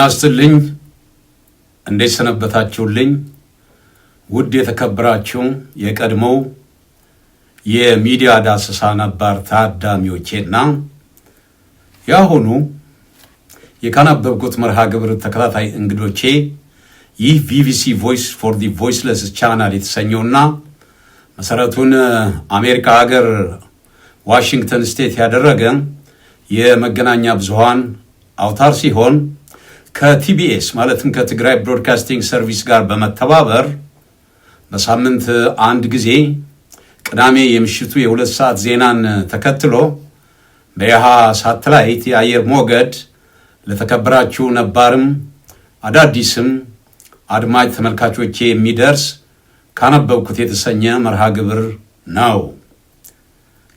ጤና ይስጥልኝ። እንዴት ሰነበታችሁልኝ? ውድ የተከበራችሁ የቀድሞው የሚዲያ ዳሰሳ ነባር ታዳሚዎቼና የአሁኑ የካናበብኩት መርሃ ግብር ተከታታይ እንግዶቼ ይህ ቢቢሲ ቮይስ ፎር ዲ ቮይስለስ ቻናል የተሰኘውና መሰረቱን አሜሪካ ሀገር ዋሽንግተን ስቴት ያደረገ የመገናኛ ብዙሃን አውታር ሲሆን ከቲቢኤስ ማለትም ከትግራይ ብሮድካስቲንግ ሰርቪስ ጋር በመተባበር በሳምንት አንድ ጊዜ ቅዳሜ የምሽቱ የሁለት ሰዓት ዜናን ተከትሎ በያሃ ሳተላይት የአየር ሞገድ ለተከበራችሁ ነባርም አዳዲስም አድማጭ ተመልካቾቼ የሚደርስ ካነበብኩት የተሰኘ መርሃ ግብር ነው።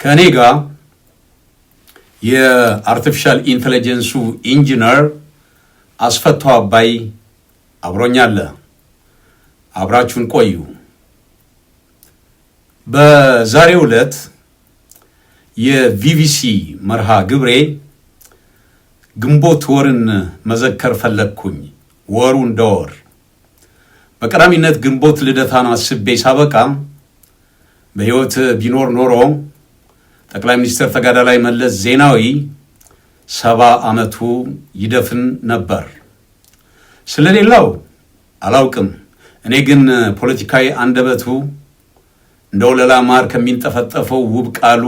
ከእኔ ጋር የአርቲፊሻል ኢንቴሊጀንሱ ኢንጂነር አስፈታው አባይ አብሮኛለ። አብራችሁን ቆዩ። በዛሬው ዕለት የቪቪሲ መርሃ ግብሬ ግንቦት ወርን መዘከር ፈለግኩኝ። ወሩ እንደ ወር በቀዳሚነት ግንቦት ልደታን አስቤ ሳበቃ በሕይወት ቢኖር ኖሮ ጠቅላይ ሚኒስትር ተጋዳላይ መለስ ዜናዊ ሰባ ዓመቱ ይደፍን ነበር። ስለሌላው አላውቅም። እኔ ግን ፖለቲካዊ አንደበቱ እንደ ወለላ ማር ከሚንጠፈጠፈው ውብ ቃሉ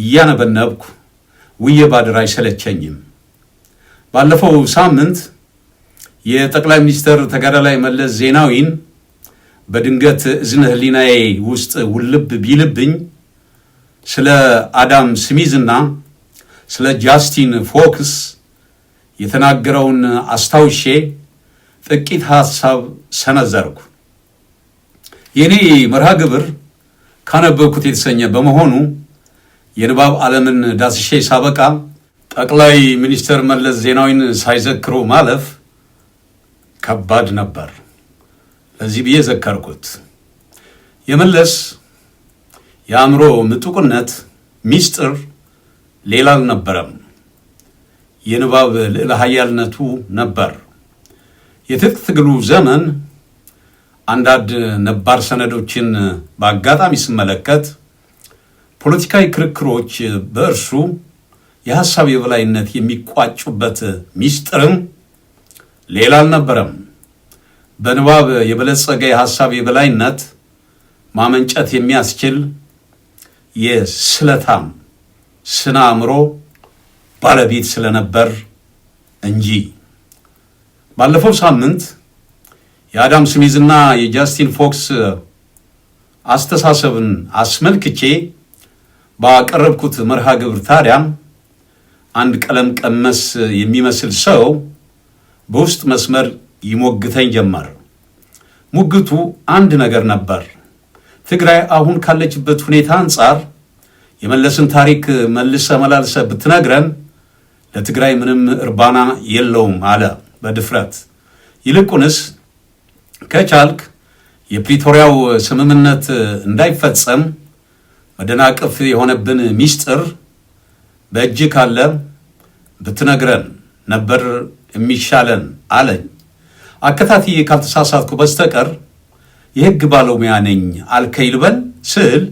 እያነበነብኩ ውዬ ባድር አይሰለቸኝም። ባለፈው ሳምንት የጠቅላይ ሚኒስትር ተጋዳላይ መለስ ዜናዊን በድንገት እዝነ ህሊናዬ ውስጥ ውልብ ቢልብኝ ስለ አዳም ስሚዝና ስለ ጃስቲን ፎክስ የተናገረውን አስታውሼ ጥቂት ሐሳብ ሰነዘርኩ። የኔ መርሃ ግብር ካነበብኩት የተሰኘ በመሆኑ የንባብ ዓለምን ዳስሼ ሳበቃ ጠቅላይ ሚኒስትር መለስ ዜናዊን ሳይዘክሩ ማለፍ ከባድ ነበር። ለዚህ ብዬ ዘከርኩት። የመለስ የአእምሮ ምጡቅነት ሚስጥር ሌላ አልነበረም። የንባብ ልዕለ ኃያልነቱ ነበር። የትጥቅ ትግሉ ዘመን አንዳንድ ነባር ሰነዶችን በአጋጣሚ ስመለከት ፖለቲካዊ ክርክሮች በእርሱ የሐሳብ የበላይነት የሚቋጩበት ሚስጥርም ሌላ አልነበረም። በንባብ የበለጸገ የሐሳብ የበላይነት ማመንጨት የሚያስችል የስለታም ስነ አእምሮ ባለቤት ስለነበር እንጂ። ባለፈው ሳምንት የአዳም ስሚዝና የጃስቲን ፎክስ አስተሳሰብን አስመልክቼ ባቀረብኩት መርሃ ግብር ታዲያም አንድ ቀለም ቀመስ የሚመስል ሰው በውስጥ መስመር ይሞግተኝ ጀመር። ሙግቱ አንድ ነገር ነበር። ትግራይ አሁን ካለችበት ሁኔታ አንጻር የመለስን ታሪክ መልሰ መላልሰ ብትነግረን ለትግራይ ምንም እርባና የለውም አለ በድፍረት። ይልቁንስ ከቻልክ የፕሪቶሪያው ስምምነት እንዳይፈጸም መደናቀፍ የሆነብን ሚስጥር በእጅ ካለ ብትነግረን ነበር የሚሻለን አለኝ። አከታትዬ ካልተሳሳትኩ በስተቀር የሕግ ባለሙያ ነኝ አልከይልበል ስል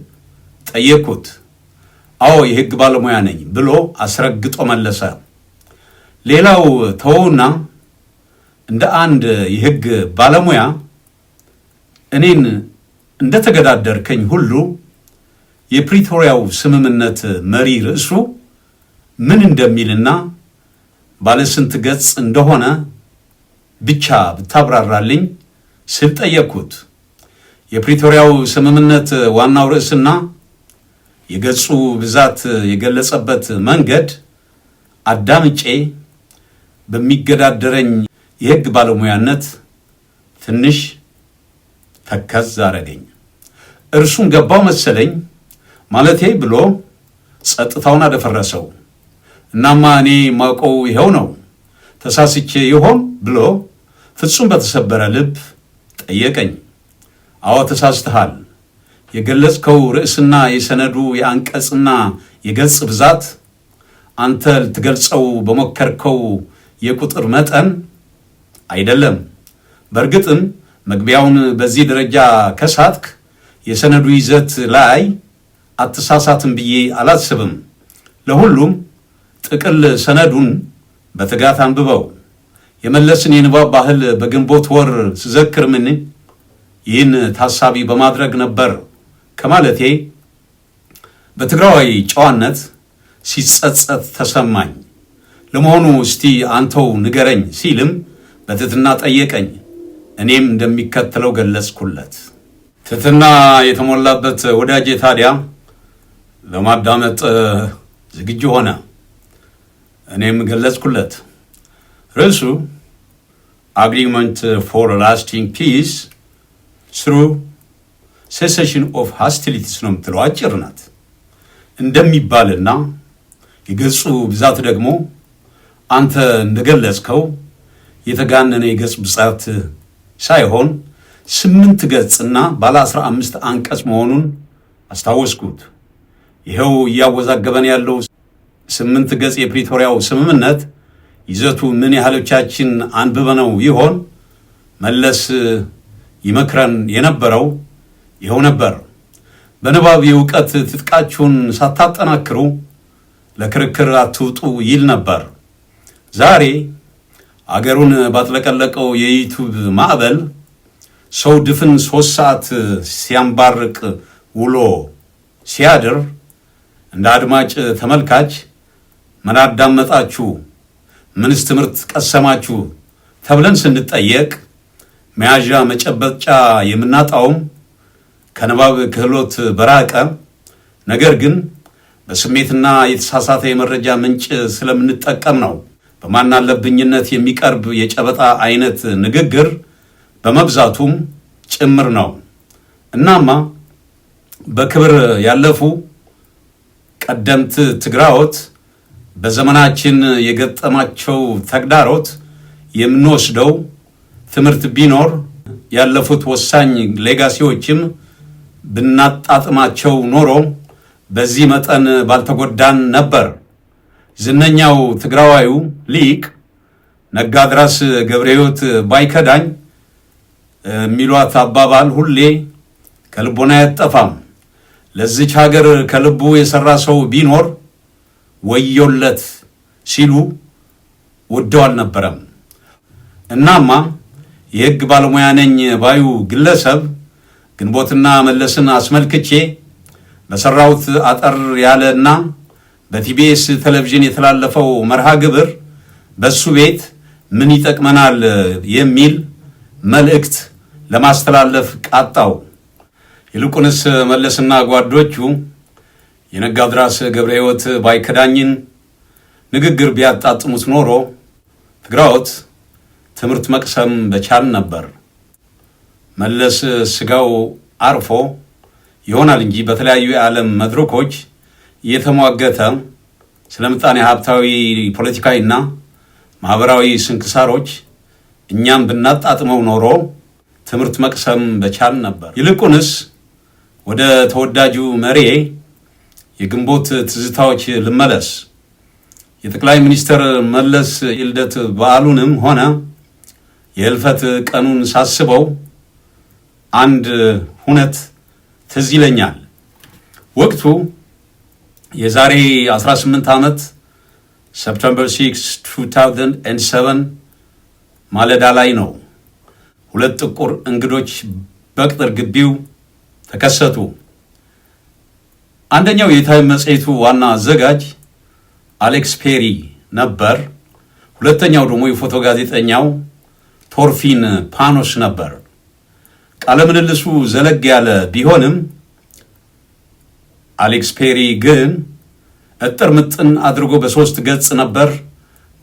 ጠየቅኩት። አዎ የህግ ባለሙያ ነኝ ብሎ አስረግጦ መለሰ። ሌላው ተወውና እንደ አንድ የህግ ባለሙያ እኔን እንደተገዳደርከኝ ሁሉ የፕሪቶሪያው ስምምነት መሪ ርዕሱ ምን እንደሚልና ባለስንት ገጽ እንደሆነ ብቻ ብታብራራልኝ ስል ጠየቅኩት። የፕሪቶሪያው ስምምነት ዋናው ርዕስና የገጹ ብዛት የገለጸበት መንገድ አዳምጬ በሚገዳደረኝ የህግ ባለሙያነት ትንሽ ተከዝ አረገኝ። እርሱን ገባው መሰለኝ ማለቴ ብሎ ጸጥታውን አደፈረሰው። እናማ እኔ ማውቀው ይኸው ነው ተሳስቼ ይሆን ብሎ ፍጹም በተሰበረ ልብ ጠየቀኝ። አዎ ተሳስተሃል የገለጽከው ርዕስና የሰነዱ የአንቀጽና የገጽ ብዛት አንተ ልትገልጸው በሞከርከው የቁጥር መጠን አይደለም። በእርግጥም መግቢያውን በዚህ ደረጃ ከሳትክ የሰነዱ ይዘት ላይ አትሳሳትም ብዬ አላስብም። ለሁሉም ጥቅል ሰነዱን በትጋት አንብበው። የመለስን የንባብ ባህል በግንቦት ወር ስዘክር ምን ይህን ታሳቢ በማድረግ ነበር። ከማለቴ በትግራዋይ ጨዋነት ሲጸጸት ተሰማኝ። ለመሆኑ እስቲ አንተው ንገረኝ ሲልም በትህትና ጠየቀኝ። እኔም እንደሚከተለው ገለጽኩለት። ትህትና የተሞላበት ወዳጄ ታዲያ ለማዳመጥ ዝግጁ ሆነ። እኔም ገለጽኩለት። ርዕሱ አግሪመንት ፎር ላስቲንግ ፒስ ስሩ ሴሴሽን ኦፍ ሃስቲሊቲስ ነው የምትለው አጭር ናት እንደሚባልና የገጹ ብዛት ደግሞ አንተ እንደገለጽከው የተጋነነ የገጽ ብዛት ሳይሆን ስምንት ገጽና ባለ አስራ አምስት አንቀጽ መሆኑን አስታወስኩት። ይኸው እያወዛገበን ያለው ስምንት ገጽ የፕሪቶሪያው ስምምነት ይዘቱ ምን ያህሎቻችን አንብበነው ይሆን? መለስ ይመክረን የነበረው ይኸው ነበር። በንባብ የእውቀት ትጥቃችሁን ሳታጠናክሩ ለክርክር አትውጡ ይል ነበር። ዛሬ አገሩን ባጥለቀለቀው የዩቱብ ማዕበል ሰው ድፍን ሶስት ሰዓት ሲያንባርቅ ውሎ ሲያድር እንደ አድማጭ ተመልካች ምን አዳመጣችሁ፣ ምንስ ትምህርት ቀሰማችሁ ተብለን ስንጠየቅ መያዣ መጨበጫ የምናጣውም ከንባብ ክህሎት በራቀ ነገር ግን በስሜትና የተሳሳተ የመረጃ ምንጭ ስለምንጠቀም ነው በማናለብኝነት የሚቀርብ የጨበጣ አይነት ንግግር በመብዛቱም ጭምር ነው። እናማ በክብር ያለፉ ቀደምት ትግራዎት በዘመናችን የገጠማቸው ተግዳሮት የምንወስደው ትምህርት ቢኖር ያለፉት ወሳኝ ሌጋሲዎችም ብናጣጥማቸው ኖሮ በዚህ መጠን ባልተጎዳን ነበር። ዝነኛው ትግራዋዩ ሊቅ ነጋድራስ ገብረሕይወት ባይከዳኝ የሚሏት አባባል ሁሌ ከልቦና አይጠፋም። ለዚች ሀገር ከልቡ የሰራ ሰው ቢኖር ወዮለት ሲሉ ወደው አልነበረም። እናማ የህግ ባለሙያ ነኝ ባዩ ግለሰብ ግንቦትና መለስን አስመልክቼ በሰራሁት አጠር ያለና በቲቢኤስ ቴሌቪዥን የተላለፈው መርሃ ግብር በሱ ቤት ምን ይጠቅመናል የሚል መልእክት ለማስተላለፍ ቃጣው። ይልቁንስ መለስና ጓዶቹ የነጋድራስ ገብረ ሕይወት ባይከዳኝን ንግግር ቢያጣጥሙት ኖሮ ትግራዎት ትምህርት መቅሰም በቻል ነበር። መለስ ስጋው አርፎ ይሆናል እንጂ በተለያዩ የዓለም መድረኮች እየተሟገተ ስለ ምጣኔ ሀብታዊ እና ማህበራዊ ስንክሳሮች እኛም ብናጣጥመው ኖሮ ትምህርት መቅሰም በቻል ነበር። ይልቁንስ ወደ ተወዳጁ መሪ የግንቦት ትዝታዎች ልመለስ። የጠቅላይ ሚኒስትር መለስ የልደት በዓሉንም ሆነ የህልፈት ቀኑን ሳስበው አንድ ሁነት ትዝ ይለኛል። ወቅቱ የዛሬ 18 ዓመት ሰፕተምበር 6 2007 ማለዳ ላይ ነው። ሁለት ጥቁር እንግዶች በቅጥር ግቢው ተከሰቱ። አንደኛው የታይም መጽሔቱ ዋና አዘጋጅ አሌክስ ፔሪ ነበር። ሁለተኛው ደግሞ የፎቶ ጋዜጠኛው ቶርፊን ፓኖስ ነበር። ቃለ ምልልሱ ዘለግ ያለ ቢሆንም አሌክስ ፔሪ ግን እጥር ምጥን አድርጎ በሶስት ገጽ ነበር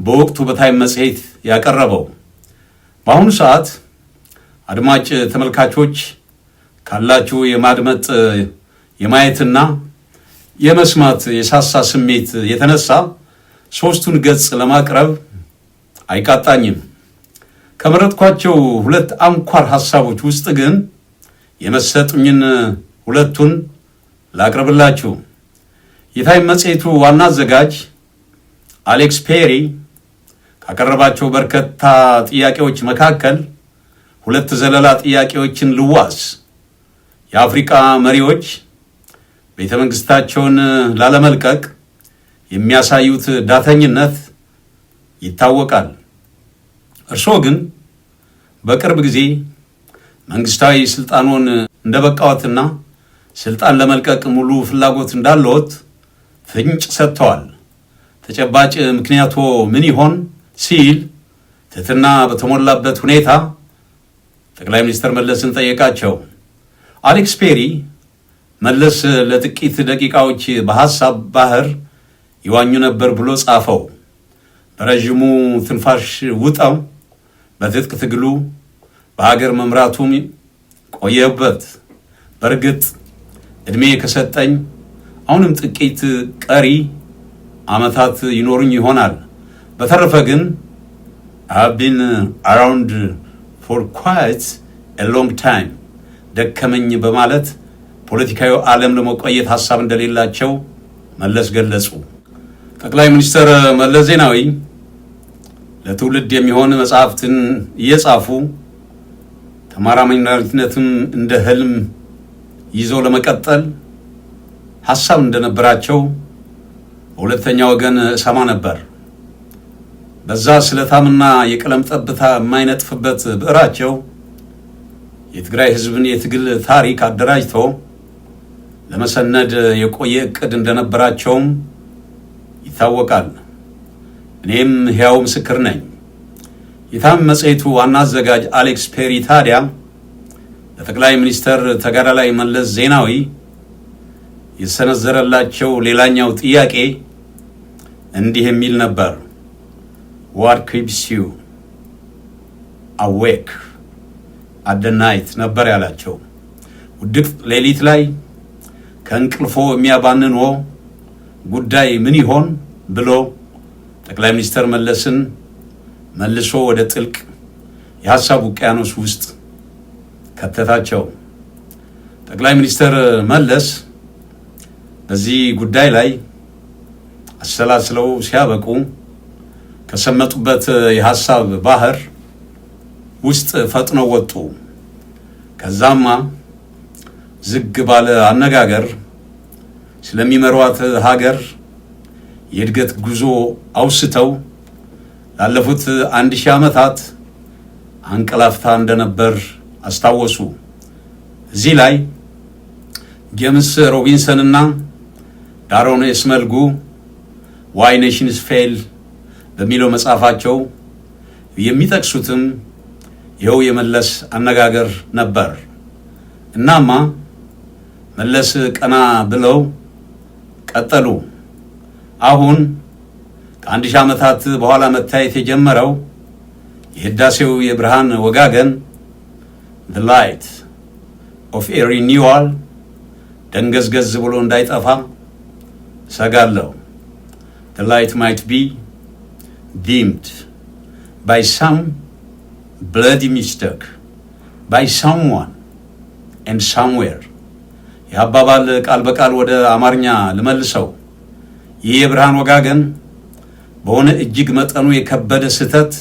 በወቅቱ በታይም መጽሔት ያቀረበው። በአሁኑ ሰዓት አድማጭ ተመልካቾች ካላችሁ የማድመጥ የማየትና የመስማት የሳሳ ስሜት የተነሳ ሶስቱን ገጽ ለማቅረብ አይቃጣኝም። ከመረጥኳቸው ሁለት አንኳር ሐሳቦች ውስጥ ግን የመሰጡኝን ሁለቱን ላቅርብላችሁ። የታይም መጽሔቱ ዋና አዘጋጅ አሌክስ ፔሪ ካቀረባቸው በርከታ ጥያቄዎች መካከል ሁለት ዘለላ ጥያቄዎችን ልዋስ። የአፍሪቃ መሪዎች ቤተ መንግሥታቸውን ላለመልቀቅ የሚያሳዩት ዳተኝነት ይታወቃል። እርስዎ ግን በቅርብ ጊዜ መንግስታዊ ስልጣኑን እንደበቃዎትና ስልጣን ለመልቀቅ ሙሉ ፍላጎት እንዳለዎት ፍንጭ ሰጥተዋል። ተጨባጭ ምክንያቶ ምን ይሆን ሲል ትህትና በተሞላበት ሁኔታ ጠቅላይ ሚኒስትር መለስን ጠየቃቸው። አሌክስ ፔሪ መለስ ለጥቂት ደቂቃዎች በሐሳብ ባህር ይዋኙ ነበር ብሎ ጻፈው። በረዥሙ ትንፋሽ ውጠው በትጥቅ ትግሉ በሀገር መምራቱም ቆየበት። በእርግጥ እድሜ ከሰጠኝ አሁንም ጥቂት ቀሪ ዓመታት ይኖሩኝ ይሆናል። በተረፈ ግን አቢን አራውንድ ፎር ኳይት ሎንግ ታይም ደከመኝ በማለት ፖለቲካዊ ዓለም ለመቆየት ሀሳብ እንደሌላቸው መለስ ገለጹ። ጠቅላይ ሚኒስትር መለስ ዜናዊ ለትውልድ የሚሆን መጽሐፍትን እየጻፉ ተመራማሪነትም እንደ ህልም ይዘው ለመቀጠል ሀሳብ እንደነበራቸው በሁለተኛ ወገን እሰማ ነበር። በዛ ስለታምና የቀለም ጠብታ የማይነጥፍበት ብዕራቸው የትግራይ ህዝብን የትግል ታሪክ አደራጅቶ ለመሰነድ የቆየ እቅድ እንደነበራቸውም ይታወቃል። እኔም ሕያው ምስክር ነኝ። የታም መጽሔቱ ዋና አዘጋጅ አሌክስ ፔሪ ታዲያ ለጠቅላይ ሚኒስትር ተጋዳላይ መለስ ዜናዊ የተሰነዘረላቸው ሌላኛው ጥያቄ እንዲህ የሚል ነበር። ዋት ኪፕስ ዩ አዌክ አት ናይት ነበር ያላቸው። ውድቅ ሌሊት ላይ ከእንቅልፎ የሚያባንኖ ጉዳይ ምን ይሆን ብሎ ጠቅላይ ሚኒስትር መለስን መልሶ ወደ ጥልቅ የሀሳብ ውቅያኖስ ውስጥ ከተታቸው። ጠቅላይ ሚኒስትር መለስ በዚህ ጉዳይ ላይ አሰላስለው ሲያበቁ ከሰመጡበት የሀሳብ ባህር ውስጥ ፈጥነው ወጡ። ከዛማ ዝግ ባለ አነጋገር ስለሚመሯት ሀገር የእድገት ጉዞ አውስተው ላለፉት አንድ ሺህ ዓመታት አንቀላፍታ እንደነበር አስታወሱ። እዚህ ላይ ጄምስ እና ዳሮን ስመልጉ ዋይ ኔሽንስ ፌል በሚለው መጽሐፋቸው የሚጠቅሱትም ይኸው የመለስ አነጋገር ነበር። እናማ መለስ ቀና ብለው ቀጠሉ። አሁን ከአንድ ሺህ ዓመታት በኋላ መታየት የጀመረው የህዳሴው የብርሃን ወጋገን the light of a renewal ደንገዝገዝ ብሎ እንዳይጠፋ ሰጋለሁ። the light might be dimmed by some bloody mistake by someone and somewhere የአባባል ቃል በቃል ወደ አማርኛ ልመልሰው። ይህ የብርሃን ወጋገን በሆነ እጅግ መጠኑ የከበደ ስህተት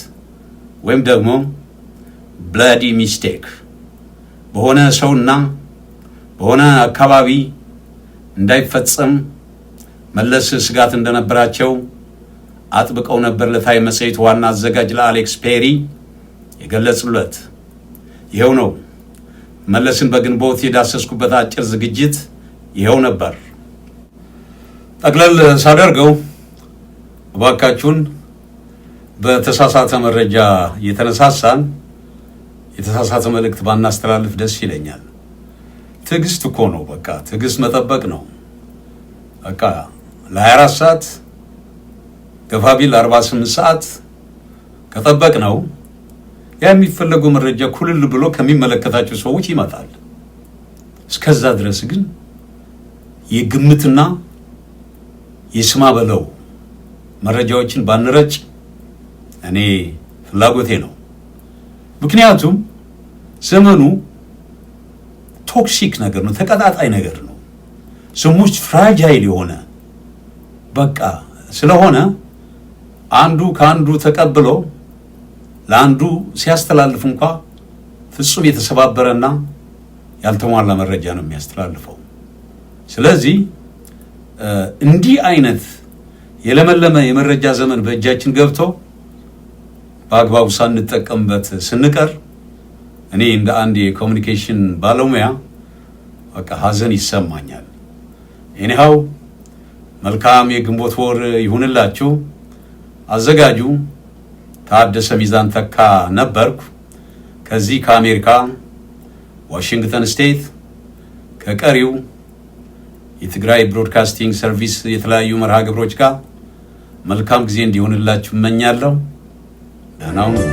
ወይም ደግሞ ብላዲ ሚስቴክ በሆነ ሰውና በሆነ አካባቢ እንዳይፈጸም መለስ ስጋት እንደነበራቸው አጥብቀው ነበር ለታይ መጽሔት ዋና አዘጋጅ ለአሌክስ ፔሪ የገለጹለት። ይኸው ነው መለስን በግንቦት የዳሰስኩበት አጭር ዝግጅት ይኸው ነበር። ጠቅለል ሳደርገው እባካችሁን በተሳሳተ መረጃ የተነሳሳን የተሳሳተ መልእክት ባናስተላልፍ ደስ ይለኛል። ትዕግስት እኮ ነው፣ በቃ ትዕግስት መጠበቅ ነው። በቃ ለ24 ሰዓት ገፋቢ ለ 48 ሰዓት ከጠበቅ ነው ያ የሚፈለገው መረጃ ኩልል ብሎ ከሚመለከታቸው ሰዎች ይመጣል። እስከዛ ድረስ ግን የግምትና ይስማ በለው መረጃዎችን ባንረጭ እኔ ፍላጎቴ ነው። ምክንያቱም ዘመኑ ቶክሲክ ነገር ነው፣ ተቀጣጣይ ነገር ነው። ስሙች ፍራጃይል የሆነ በቃ ስለሆነ አንዱ ከአንዱ ተቀብሎ ለአንዱ ሲያስተላልፍ እንኳ ፍጹም የተሰባበረና ያልተሟላ መረጃ ነው የሚያስተላልፈው። ስለዚህ እንዲህ አይነት የለመለመ የመረጃ ዘመን በእጃችን ገብቶ በአግባቡ ሳንጠቀምበት ስንቀር እኔ እንደ አንድ የኮሚኒኬሽን ባለሙያ በቃ ሀዘን ይሰማኛል። ኤኒሃው መልካም የግንቦት ወር ይሁንላችሁ። አዘጋጁ ታደሰ ሚዛን ተካ ነበርኩ ከዚህ ከአሜሪካ ዋሽንግተን ስቴት ከቀሪው የትግራይ ብሮድካስቲንግ ሰርቪስ የተለያዩ መርሃ ግብሮች ጋር መልካም ጊዜ እንዲሆንላችሁ እመኛለሁ። ደህናው ነው።